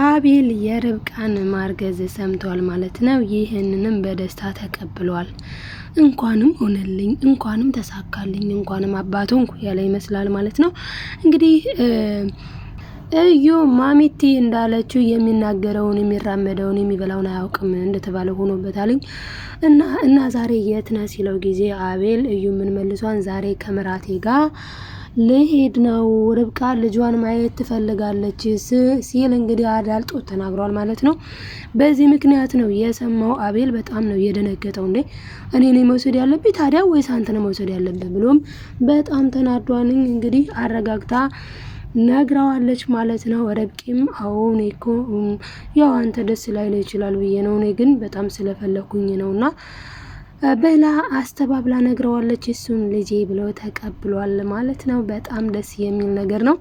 አቤል የርብቃን ማርገዝ ሰምቷል ማለት ነው። ይህንንም በደስታ ተቀብሏል። እንኳንም ሆነልኝ፣ እንኳንም ተሳካልኝ፣ እንኳንም አባቱ እንኩ ያለ ይመስላል ማለት ነው። እንግዲህ እዩ ማሚቲ እንዳለችው የሚናገረውን የሚራመደውን የሚበላውን አያውቅም እንደተባለ ሆኖበታልኝ እና እና ዛሬ የት ነህ ሲለው ጊዜ አቤል እዩ ምን መልሷን ዛሬ ከምራቴ ጋር ልሄድ ነው ርብቃ ልጇን ማየት ትፈልጋለች ሲል እንግዲህ አዳልጦ ተናግሯል ማለት ነው። በዚህ ምክንያት ነው የሰማው አቤል በጣም ነው የደነገጠው። እንዴ እኔ ነኝ መውሰድ ያለብኝ ታዲያ ወይስ አንተ ነው መውሰድ ያለብህ? ብሎም በጣም ተናዷን እንግዲህ አረጋግታ ነግራዋለች ማለት ነው። ረብቂም አዎ እኔ እኮ ያው አንተ ደስ ላይ ነው ይችላል ብዬ ነው እኔ ግን በጣም ስለፈለኩኝ ነው እና ብላ አስተባብላ ነግረዋለች። እሱን ልጄ ብሎ ተቀብሏል ማለት ነው። በጣም ደስ የሚል ነገር ነው።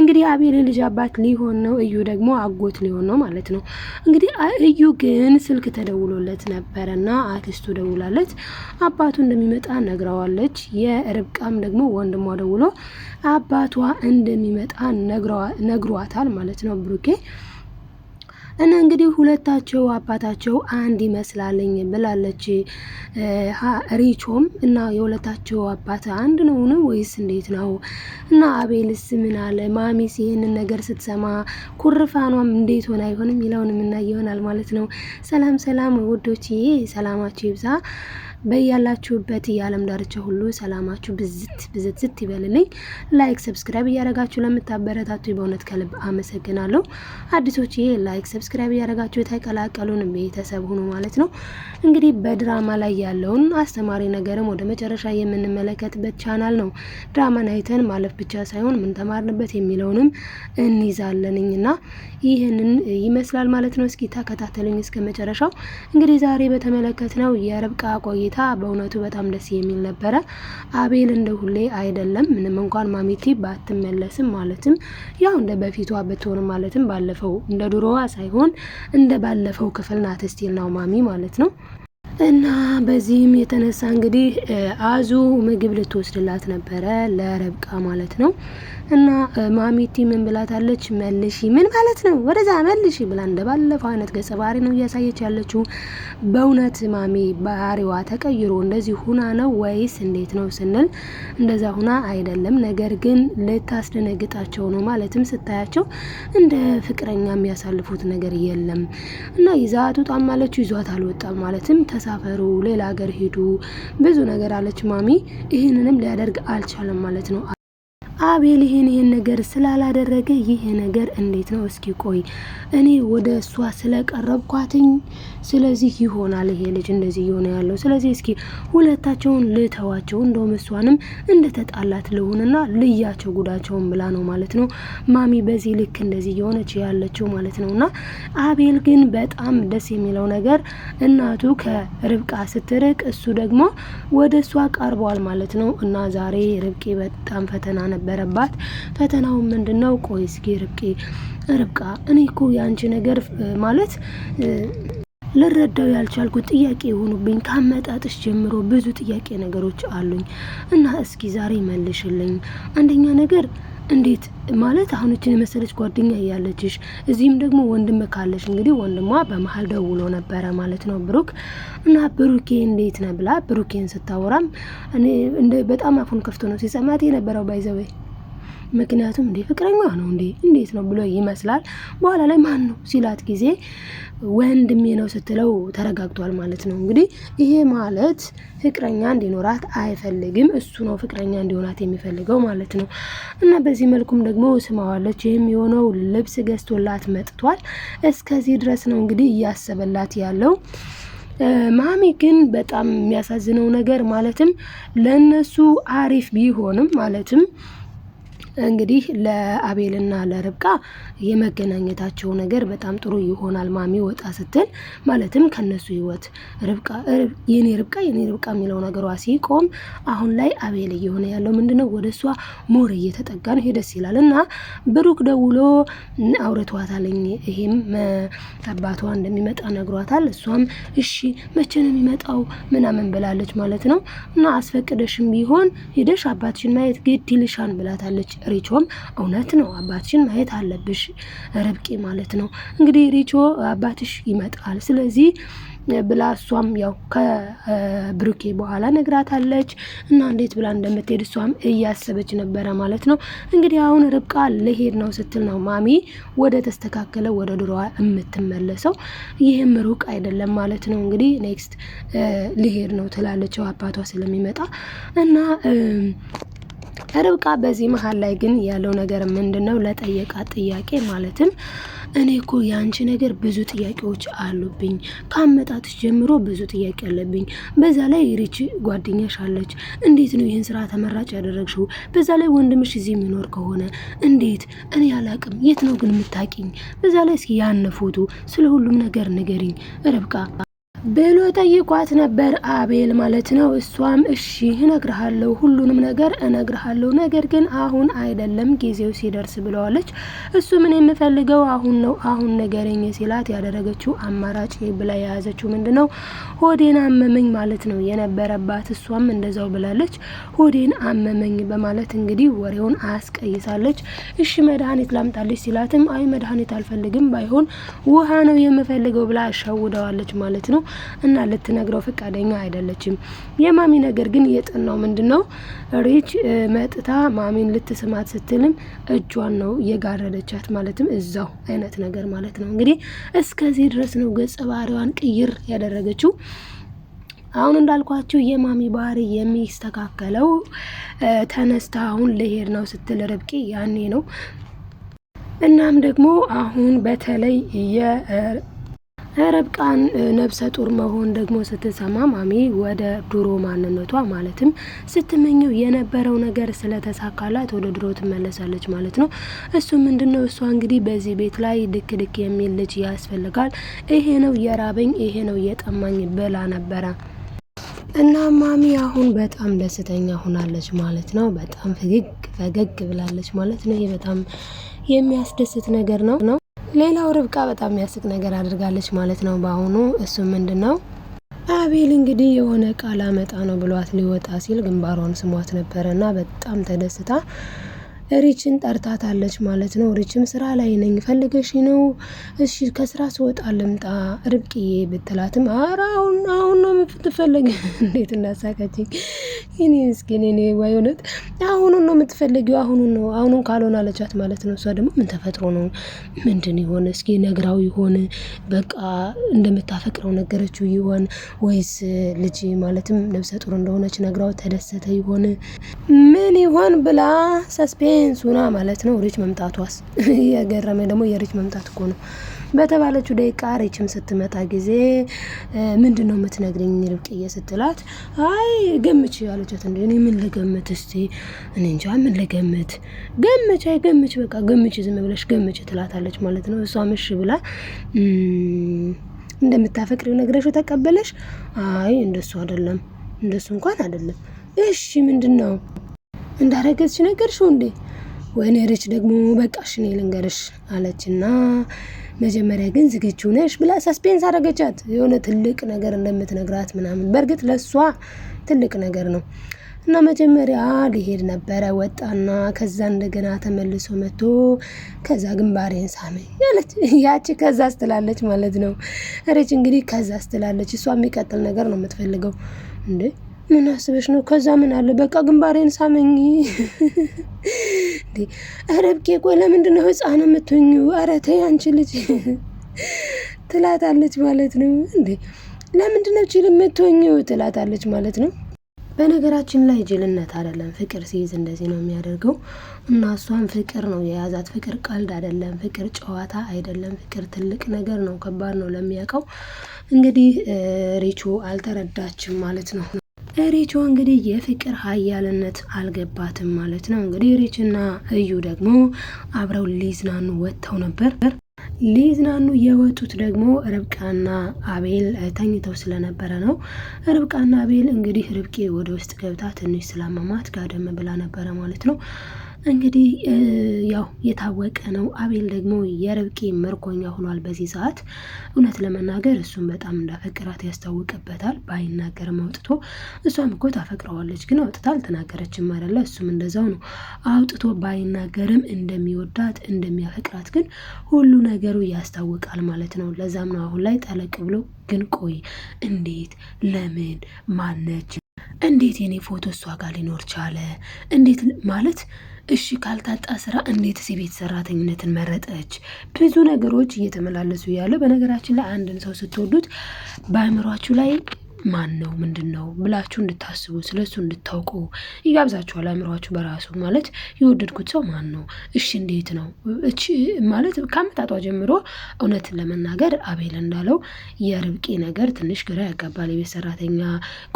እንግዲህ አቤል ልጅ አባት ሊሆን ነው፣ እዩ ደግሞ አጎት ሊሆን ነው ማለት ነው። እንግዲህ እዩ ግን ስልክ ተደውሎለት ነበረና አክስቱ ደውላለች፣ አባቱ እንደሚመጣ ነግረዋለች። የርብቃም ደግሞ ወንድሟ ደውሎ አባቷ እንደሚመጣ ነግሯታል ማለት ነው ብሩኬ እና እንግዲህ ሁለታቸው አባታቸው አንድ ይመስላልኝ ብላለች ሪቾም። እና የሁለታቸው አባት አንድ ነው ነው ወይስ እንዴት ነው? እና አቤልስ ምን አለ? ማሚስ ይህንን ነገር ስትሰማ ኩርፋኗም እንዴት ሆን አይሆንም የሚለውን የምናይ ይሆናል ማለት ነው። ሰላም ሰላም ውዶችዬ፣ ሰላማችሁ ይብዛ። በያላችሁበት የዓለም ዳርቻ ሁሉ ሰላማችሁ ብዝት ብዝት ዝት ይበልልኝ። ላይክ ሰብስክራይብ እያደረጋችሁ ለምታበረታቱ በእውነት ከልብ አመሰግናለሁ። አዲሶች ይሄ ላይክ ሰብስክራይብ እያደረጋችሁ የተቀላቀሉን ቤተሰብ ሁኑ ማለት ነው። እንግዲህ በድራማ ላይ ያለውን አስተማሪ ነገርም ወደ መጨረሻ የምንመለከትበት ቻናል ነው። ድራማን አይተን ማለፍ ብቻ ሳይሆን ምን ተማርንበት የሚለውንም እንይዛለንኝና ይህንን ይመስላል ማለት ነው። እስኪ ተከታተሉኝ እስከ መጨረሻው። እንግዲህ ዛሬ ነው የርብቃ ቆይ ሁኔታ በእውነቱ በጣም ደስ የሚል ነበረ። አቤል እንደ ሁሌ አይደለም። ምንም እንኳን ማሚቲ ባትመለስም ማለትም ያው እንደ በፊቷ ብትሆንም ማለትም ባለፈው እንደ ድሮዋ ሳይሆን እንደ ባለፈው ክፍል ናት ስቲል ነው ማሚ ማለት ነው። እና በዚህም የተነሳ እንግዲህ አዙ ምግብ ልትወስድላት ነበረ ለረብቃ ማለት ነው። እና ማሚቲ ምን ብላታለች? መልሺ ምን ማለት ነው ወደዛ መልሺ ብላ እንደባለፈው አይነት ገጸ ባህሪ ነው እያሳየች ያለችው። በእውነት ማሚ ባህሪዋ ተቀይሮ እንደዚህ ሁና ነው ወይስ እንዴት ነው ስንል እንደዛ ሁና አይደለም፣ ነገር ግን ልታስደነግጣቸው ነው። ማለትም ስታያቸው እንደ ፍቅረኛ የሚያሳልፉት ነገር የለም እና ይዛት ውጣም ማለችው ይዟት አልወጣም። ማለትም ተሳፈሩ፣ ሌላ ሀገር ሂዱ ብዙ ነገር አለች ማሚ። ይህንንም ሊያደርግ አልቻለም ማለት ነው። አቤል ይሄን ይሄን ነገር ስላላደረገ ይሄ ነገር እንዴት ነው? እስኪ ቆይ እኔ ወደ እሷ ስለቀረብኳትኝ፣ ስለዚህ ይሆናል ይሄ ልጅ እንደዚህ እየሆነ ያለው። ስለዚህ እስኪ ሁለታቸውን ልተዋቸው፣ እንደውም እሷንም እንደተጣላት ልሁንና ልያቸው ጉዳቸውን ብላ ነው ማለት ነው ማሚ በዚህ ልክ እንደዚህ እየሆነች ያለችው ማለት ነው። እና አቤል ግን በጣም ደስ የሚለው ነገር እናቱ ከርብቃ ስትርቅ እሱ ደግሞ ወደ እሷ ቀርቧል ማለት ነው። እና ዛሬ ርብቄ በጣም ፈተና ነበር ነበረባት። ፈተናው ምንድን ነው? ቆይ እስኪ ርብቃ ርብቃ እኔ እኮ የአንቺ ነገር ማለት ልረዳው ያልቻልኩት ጥያቄ የሆኑብኝ ከአመጣጥሽ ጀምሮ ብዙ ጥያቄ ነገሮች አሉኝ እና እስኪ ዛሬ መልሽልኝ አንደኛ ነገር እንዴት ማለት አሁን እችን የመሰለች ጓደኛ እያለችሽ እዚህም ደግሞ ወንድም ካለሽ እንግዲህ ወንድሟ በመሀል ደውሎ ነበረ ማለት ነው ብሩክ እና ብሩኬ እንዴት ነ ብላ ብሩኬን ስታወራም በጣም አፉን ከፍቶ ነው ሲሰማት የነበረው ባይዘወይ ምክንያቱም እንዴ ፍቅረኛ ነው እንዴ እንዴት ነው ብሎ ይመስላል። በኋላ ላይ ማን ነው ሲላት ጊዜ ወንድሜ ነው ስትለው ተረጋግቷል ማለት ነው። እንግዲህ ይሄ ማለት ፍቅረኛ እንዲኖራት አይፈልግም፣ እሱ ነው ፍቅረኛ እንዲሆናት የሚፈልገው ማለት ነው። እና በዚህ መልኩም ደግሞ ስማዋለች። ይህም የሆነው ልብስ ገዝቶላት መጥቷል። እስከዚህ ድረስ ነው እንግዲህ እያሰበላት ያለው። ማሚ ግን በጣም የሚያሳዝነው ነገር ማለትም ለነሱ አሪፍ ቢሆንም ማለትም እንግዲህ ለአቤልና ለርብቃ የመገናኘታቸው ነገር በጣም ጥሩ ይሆናል። ማሚ ወጣ ስትል ማለትም ከነሱ ህይወት ርብቃ የኔ ርብቃ የኔ ርብቃ የሚለው ነገሯ ሲቆም አሁን ላይ አቤል እየሆነ ያለው ምንድነው? ወደ እሷ ሞር እየተጠጋ ነው። ደስ ይላል። እና ብሩክ ደውሎ አውርቷታለኝ። ይሄም አባቷ እንደሚመጣ ነግሯታል። እሷም እሺ መቼ ነው የሚመጣው ምናምን ብላለች ማለት ነው። እና አስፈቅደሽም ቢሆን ሄደሽ አባትሽን ማየት ግድ ይልሻን ብላታለች። ሪቾም እውነት ነው አባትሽን ማየት አለብሽ ርብቂ ማለት ነው እንግዲህ ሪቾ አባትሽ ይመጣል ስለዚህ ብላ እሷም ያው ከብሩኬ በኋላ ነግራታለች እና እንዴት ብላ እንደምትሄድ እሷም እያሰበች ነበረ ማለት ነው። እንግዲህ አሁን ርብቃ ልሄድ ነው ስትል ነው ማሚ ወደ ተስተካከለ ወደ ድሮዋ የምትመለሰው። ይህም ሩቅ አይደለም ማለት ነው። እንግዲህ ኔክስት ልሄድ ነው ትላለች አባቷ ስለሚመጣ እና ከርብቃ በዚህ መሀል ላይ ግን ያለው ነገር ምንድን ነው? ለጠየቃት ጥያቄ ማለትም እኔ እኮ የአንቺ ነገር ብዙ ጥያቄዎች አሉብኝ፣ ከአመጣትሽ ጀምሮ ብዙ ጥያቄ አለብኝ። በዛ ላይ ሪች ጓደኛሽ አለች። እንዴት ነው ይህን ስራ ተመራጭ ያደረግሽው? በዛ ላይ ወንድምሽ እዚህ የሚኖር ከሆነ እንዴት? እኔ አላቅም። የት ነው ግን የምታቂኝ? በዛ ላይ እስኪ ያን ፎቶ ስለ ሁሉም ነገር ንገሪኝ ርብቃ ብሎ ጠይቋት ነበር አቤል ማለት ነው። እሷም እሺ እነግርሃለሁ፣ ሁሉንም ነገር እነግርሃለሁ፣ ነገር ግን አሁን አይደለም ጊዜው ሲደርስ ብለዋለች። እሱ ምን የምፈልገው አሁን ነው፣ አሁን ነገረኝ ሲላት ያደረገችው አማራጭ ብላ የያዘችው ምንድን ነው ሆዴን አመመኝ ማለት ነው የነበረባት። እሷም እንደዛው ብላለች፣ ሆዴን አመመኝ በማለት እንግዲህ ወሬውን አስቀይሳለች። እሺ መድኃኒት ላምጣለች ሲላትም አይ መድኃኒት አልፈልግም፣ ባይሆን ውሃ ነው የምፈልገው ብላ አሻውደዋለች ማለት ነው። እና ልትነግረው ፈቃደኛ አይደለችም። የማሚ ነገር ግን የጠናው ምንድን ነው ሪች መጥታ ማሚን ልትስማት ስትልም እጇን ነው የጋረደቻት፣ ማለትም እዛው አይነት ነገር ማለት ነው። እንግዲህ እስከዚህ ድረስ ነው ገጸ ባህሪዋን ቅይር ያደረገችው። አሁን እንዳልኳችሁ የማሚ ባህሪ የሚስተካከለው ተነስታ አሁን ልሄድ ነው ስትል ያኔ ነው። እናም ደግሞ አሁን በተለይ ርብቃን ነብሰ ጡር መሆን ደግሞ ስትሰማ ማሚ ወደ ድሮ ማንነቷ ማለትም ስትመኘው የነበረው ነገር ስለተሳካላት ወደ ድሮ ትመለሳለች ማለት ነው። እሱ ምንድን ነው? እሷ እንግዲህ በዚህ ቤት ላይ ድክ ድክ የሚል ልጅ ያስፈልጋል፣ ይሄ ነው የራበኝ፣ ይሄ ነው የጠማኝ ብላ ነበረ። እና ማሚ አሁን በጣም ደስተኛ ሆናለች ማለት ነው። በጣም ፈገግ ፈገግ ብላለች ማለት ነው። ይሄ በጣም የሚያስደስት ነገር ነው ነው ሌላው ርብቃ በጣም የሚያስቅ ነገር አድርጋለች ማለት ነው በአሁኑ እሱ ምንድን ነው አቤል እንግዲህ የሆነ ቃል አመጣ ነው ብሏት ሊወጣ ሲል ግንባሯን ስሟት ነበረ እና በጣም ተደስታ ሪችን ጠርታታለች ማለት ነው። ሪችም ስራ ላይ ነኝ ፈልገሽ ነው እሺ ከስራ ስወጣ ልምጣ ርብቅዬ ብትላትም ኧረ አሁን አሁን ነው የምትፈለግ እንዴት እንዳሳቀችኝ ይኔ ምስኪን ኔ ወይ አሁኑ ነው የምትፈልግ፣ አሁኑ ነው አሁኑን ካልሆን አለቻት ማለት ነው። እሷ ደግሞ ምን ተፈጥሮ ነው ምንድን ይሆን እስኪ ነግራው ይሆን በቃ እንደምታፈቅረው ነገረችው ይሆን ወይስ ልጅ ማለትም ነብሰ ጡር እንደሆነች ነግራው ተደሰተ ይሆን ምን ይሆን ብላ ሰስፔ ሱና ማለት ነው። ሪች መምጣቷስ የገረመ ደግሞ የሪች መምጣት እኮ ነው። በተባለችው ደቂቃ ሪችም ስትመጣ ጊዜ ምንድን ነው የምትነግረኝ ርብቅዬ ስትላት፣ አይ ገምች ያለቻት። እንደ እኔ ምን ልገምት እስቲ እኔ እንጃ ምን ልገምት፣ ገምች፣ አይ ገምች፣ በቃ ገምች፣ ዝም ብለሽ ገምች ትላታለች ማለት ነው። እሷ ምሽ ብላ እንደምታፈቅሪው ነግረሽው ተቀበለሽ? አይ እንደሱ አይደለም እንደሱ እንኳን አይደለም። እሺ ምንድን ነው እንዳረገዝሽ ነገርሽው እንዴ? ወይነርች ደግሞ በቃ ሽኔ ልንገርሽ አለችና መጀመሪያ ግን ዝግጁ ነሽ ብላ ሰስፔንስ አደረገቻት። የሆነ ትልቅ ነገር እንደምትነግራት ምናምን። በእርግጥ ለእሷ ትልቅ ነገር ነው እና መጀመሪያ ሊሄድ ነበረ ወጣና፣ ከዛ እንደገና ተመልሶ መጥቶ ከዛ ግንባሬን ሳመኝ ያለች ያቺ ከዛ ስትላለች ማለት ነው። ርች እንግዲህ ከዛ ስትላለች እሷ የሚቀጥል ነገር ነው የምትፈልገው እንዴ ምን አስበሽ ነው? ከዛ ምን አለ በቃ ግንባሬን ሳመኝ። ረብቄ ቆይ ለምንድን ነው ህፃን የምትኙ? ኧረ ተይ አንቺ ልጅ ትላታለች ማለት ነው። እንዴ ለምንድን ነው ጅል ትላታለች ማለት ነው። በነገራችን ላይ ጅልነት አይደለም ፍቅር ሲይዝ እንደዚህ ነው የሚያደርገው። እና እሷን ፍቅር ነው የያዛት። ፍቅር ቀልድ አይደለም፣ ፍቅር ጨዋታ አይደለም፣ ፍቅር ትልቅ ነገር ነው። ከባድ ነው ለሚያውቀው። እንግዲህ ሪቹ አልተረዳችም ማለት ነው። ሪቾ እንግዲህ የፍቅር ሀያልነት አልገባትም ማለት ነው። እንግዲህ ሬችና እዩ ደግሞ አብረው ሊዝናኑ ወጥተው ነበር። ሊዝናኑ የወጡት ደግሞ ርብቃና አቤል ተኝተው ስለነበረ ነው። ርብቃና አቤል እንግዲህ ርብቄ ወደ ውስጥ ገብታ ትንሽ ስላመማት ጋደም ብላ ነበረ ማለት ነው። እንግዲህ ያው የታወቀ ነው። አቤል ደግሞ የርብቃ ምርኮኛ ሆኗል። በዚህ ሰዓት እውነት ለመናገር እሱም በጣም እንዳፈቅራት ያስታውቅበታል። ባይናገርም አውጥቶ እሷም እኮ ታፈቅረዋለች፣ ግን አውጥታ አልተናገረችም አይደለ? እሱም እንደዛው ነው። አውጥቶ ባይናገርም እንደሚወዳት እንደሚያፈቅራት ግን ሁሉ ነገሩ ያስታውቃል ማለት ነው። ለዛም ነው አሁን ላይ ጠለቅ ብሎ ግን ቆይ እንዴት ለምን ማነች እንዴት የኔ ፎቶ እሷ ጋር ሊኖር ቻለ? እንዴት ማለት እሺ ካልታጣ ስራ እንዴት የቤት ሰራተኝነትን መረጠች? ብዙ ነገሮች እየተመላለሱ ያለ። በነገራችን ላይ አንድን ሰው ስትወዱት በአእምሯችሁ ላይ ማን ነው ምንድን ነው ብላችሁ እንድታስቡ ስለሱ እንድታውቁ ይጋብዛችኋል። አእምሯችሁ በራሱ ማለት የወደድኩት ሰው ማን ነው፣ እሺ እንዴት ነው ማለት ከአመጣጧ ጀምሮ እውነትን ለመናገር አቤል እንዳለው የርብቄ ነገር ትንሽ ግራ ያጋባል። የቤት ሰራተኛ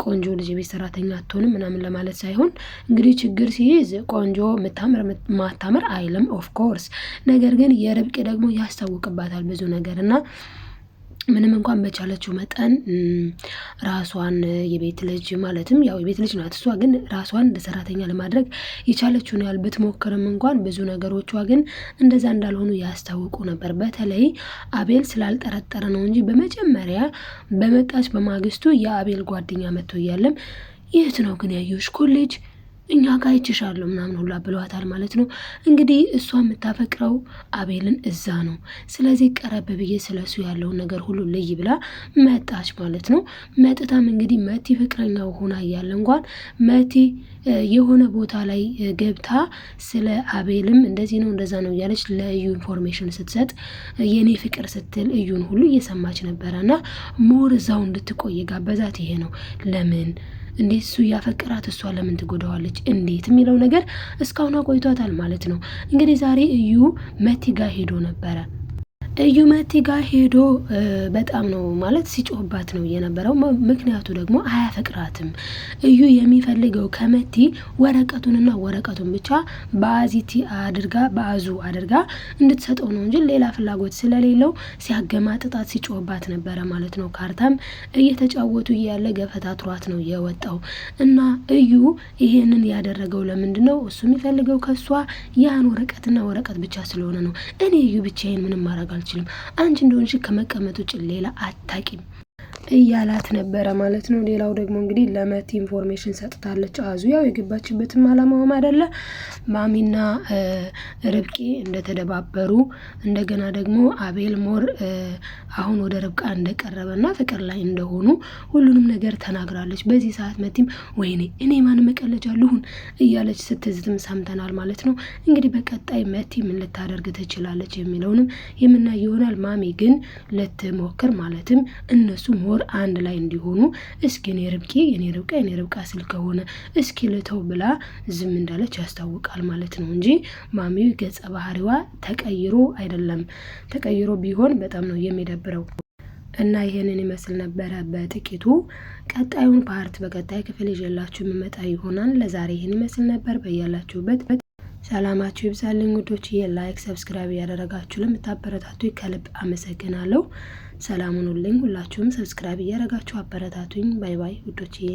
ቆንጆ ልጅ የቤት ሰራተኛ አትሆንም ምናምን ለማለት ሳይሆን እንግዲህ ችግር ሲይዝ ቆንጆ ምታምር ማታምር አይልም ኦፍኮርስ። ነገር ግን የርብቄ ደግሞ ያስታውቅባታል ብዙ ነገር እና ምንም እንኳን በቻለችው መጠን ራሷን የቤት ልጅ ማለትም ያው የቤት ልጅ ናት እሷ ግን ራሷን እንደ ሰራተኛ ለማድረግ የቻለችውን ያህል ብትሞክርም እንኳን ብዙ ነገሮቿ ግን እንደዛ እንዳልሆኑ ያስታውቁ ነበር። በተለይ አቤል ስላልጠረጠረ ነው እንጂ በመጀመሪያ በመጣች በማግስቱ የአቤል ጓደኛ መጥቶ እያለም ይህት ነው ግን ያየሁሽ ኮሌጅ እኛ ጋ አይችሻለሁ ምናምን ሁላ ብለዋታል ማለት ነው። እንግዲህ እሷ የምታፈቅረው አቤልን እዛ ነው። ስለዚህ ቀረብ ብዬ ስለሱ ያለውን ነገር ሁሉ ልይ ብላ መጣች ማለት ነው። መጥታም እንግዲህ መቲ ፍቅረኛው ሆና እያለ እንኳን መቲ የሆነ ቦታ ላይ ገብታ ስለ አቤልም እንደዚህ ነው እንደዛ ነው እያለች ለእዩ ኢንፎርሜሽን ስትሰጥ የእኔ ፍቅር ስትል እዩን ሁሉ እየሰማች እና ሞር እዛው እንድትቆይ ጋበዛት። ይሄ ነው ለምን እንዴት እሱ እያፈቀራት እሷ ለምን ትጎዳዋለች እንዴት የሚለው ነገር እስካሁን አቆይቷታል ማለት ነው። እንግዲህ ዛሬ እዩ መቲ ጋር ሄዶ ነበረ መቲ ጋር ሄዶ በጣም ነው ማለት ሲጮህባት ነው የነበረው። ምክንያቱ ደግሞ አያፈቅራትም። እዩ የሚፈልገው ከመቲ ወረቀቱንና ወረቀቱን ብቻ በአዚቲ አድርጋ በአዙ አድርጋ እንድትሰጠው ነው እንጂ ሌላ ፍላጎት ስለሌለው ሲያገማጥጣት ሲጮህባት ነበረ ማለት ነው። ካርታም እየተጫወቱ እያለ ገፈታ ትሯት ነው የወጣው እና እዩ ይሄንን ያደረገው ለምንድን ነው? እሱ የሚፈልገው ከሷ ያን ወረቀትና ወረቀት ብቻ ስለሆነ ነው። እኔ እዩ ብቻዬን ምንም ማድረግ አልችልም አትችልም። አንቺ እንደሆንሽ ከመቀመጥ ውጭ ሌላ አታቂም። እያላት ነበረ ማለት ነው። ሌላው ደግሞ እንግዲህ ለመት ኢንፎርሜሽን ሰጥታለች። አዙ ያው የገባችበትም አላማውም አይደለ ማሚና ርብቃ እንደተደባበሩ እንደገና ደግሞ አቤል ሞር አሁን ወደ ርብቃ እንደቀረበ እንደቀረበና ፍቅር ላይ እንደሆኑ ሁሉንም ነገር ተናግራለች። በዚህ ሰዓት መቲም ወይኔ እኔ ማን መቀለጃ ልሁን እያለች ስትዝትም ሰምተናል ማለት ነው። እንግዲህ በቀጣይ መቲ ምን ልታደርግ ትችላለች የሚለውንም የምናየው ይሆናል። ማሚ ግን ልትሞክር ማለትም እነሱ ሞር ወር አንድ ላይ እንዲሆኑ እስኪ እኔ ርብቃ የኔ ርብቃ የኔ ርብቃ ስል ከሆነ እስኪ ልተው ብላ ዝም እንዳለች ያስታውቃል ማለት ነው እንጂ ማሚ ገጸ ባህሪዋ ተቀይሮ አይደለም። ተቀይሮ ቢሆን በጣም ነው የሚደብረው። እና ይህንን ይመስል ነበረ በጥቂቱ። ቀጣዩን ፓርት በቀጣይ ክፍል ይዤላችሁ የምመጣ ይሆናል። ለዛሬ ይህን ይመስል ነበር። በያላችሁበት ሰላማችሁ ይብዛልኝ ውዶች። የላይክ ሰብስክራይብ እያደረጋችሁ ለምታበረታቱ ከልብ አመሰግናለሁ። ሰላም ሁኑልኝ። ሁላችሁም ሰብስክራይብ እያደረጋችሁ አበረታቱኝ። ባይ ባይ ውዶችዬ።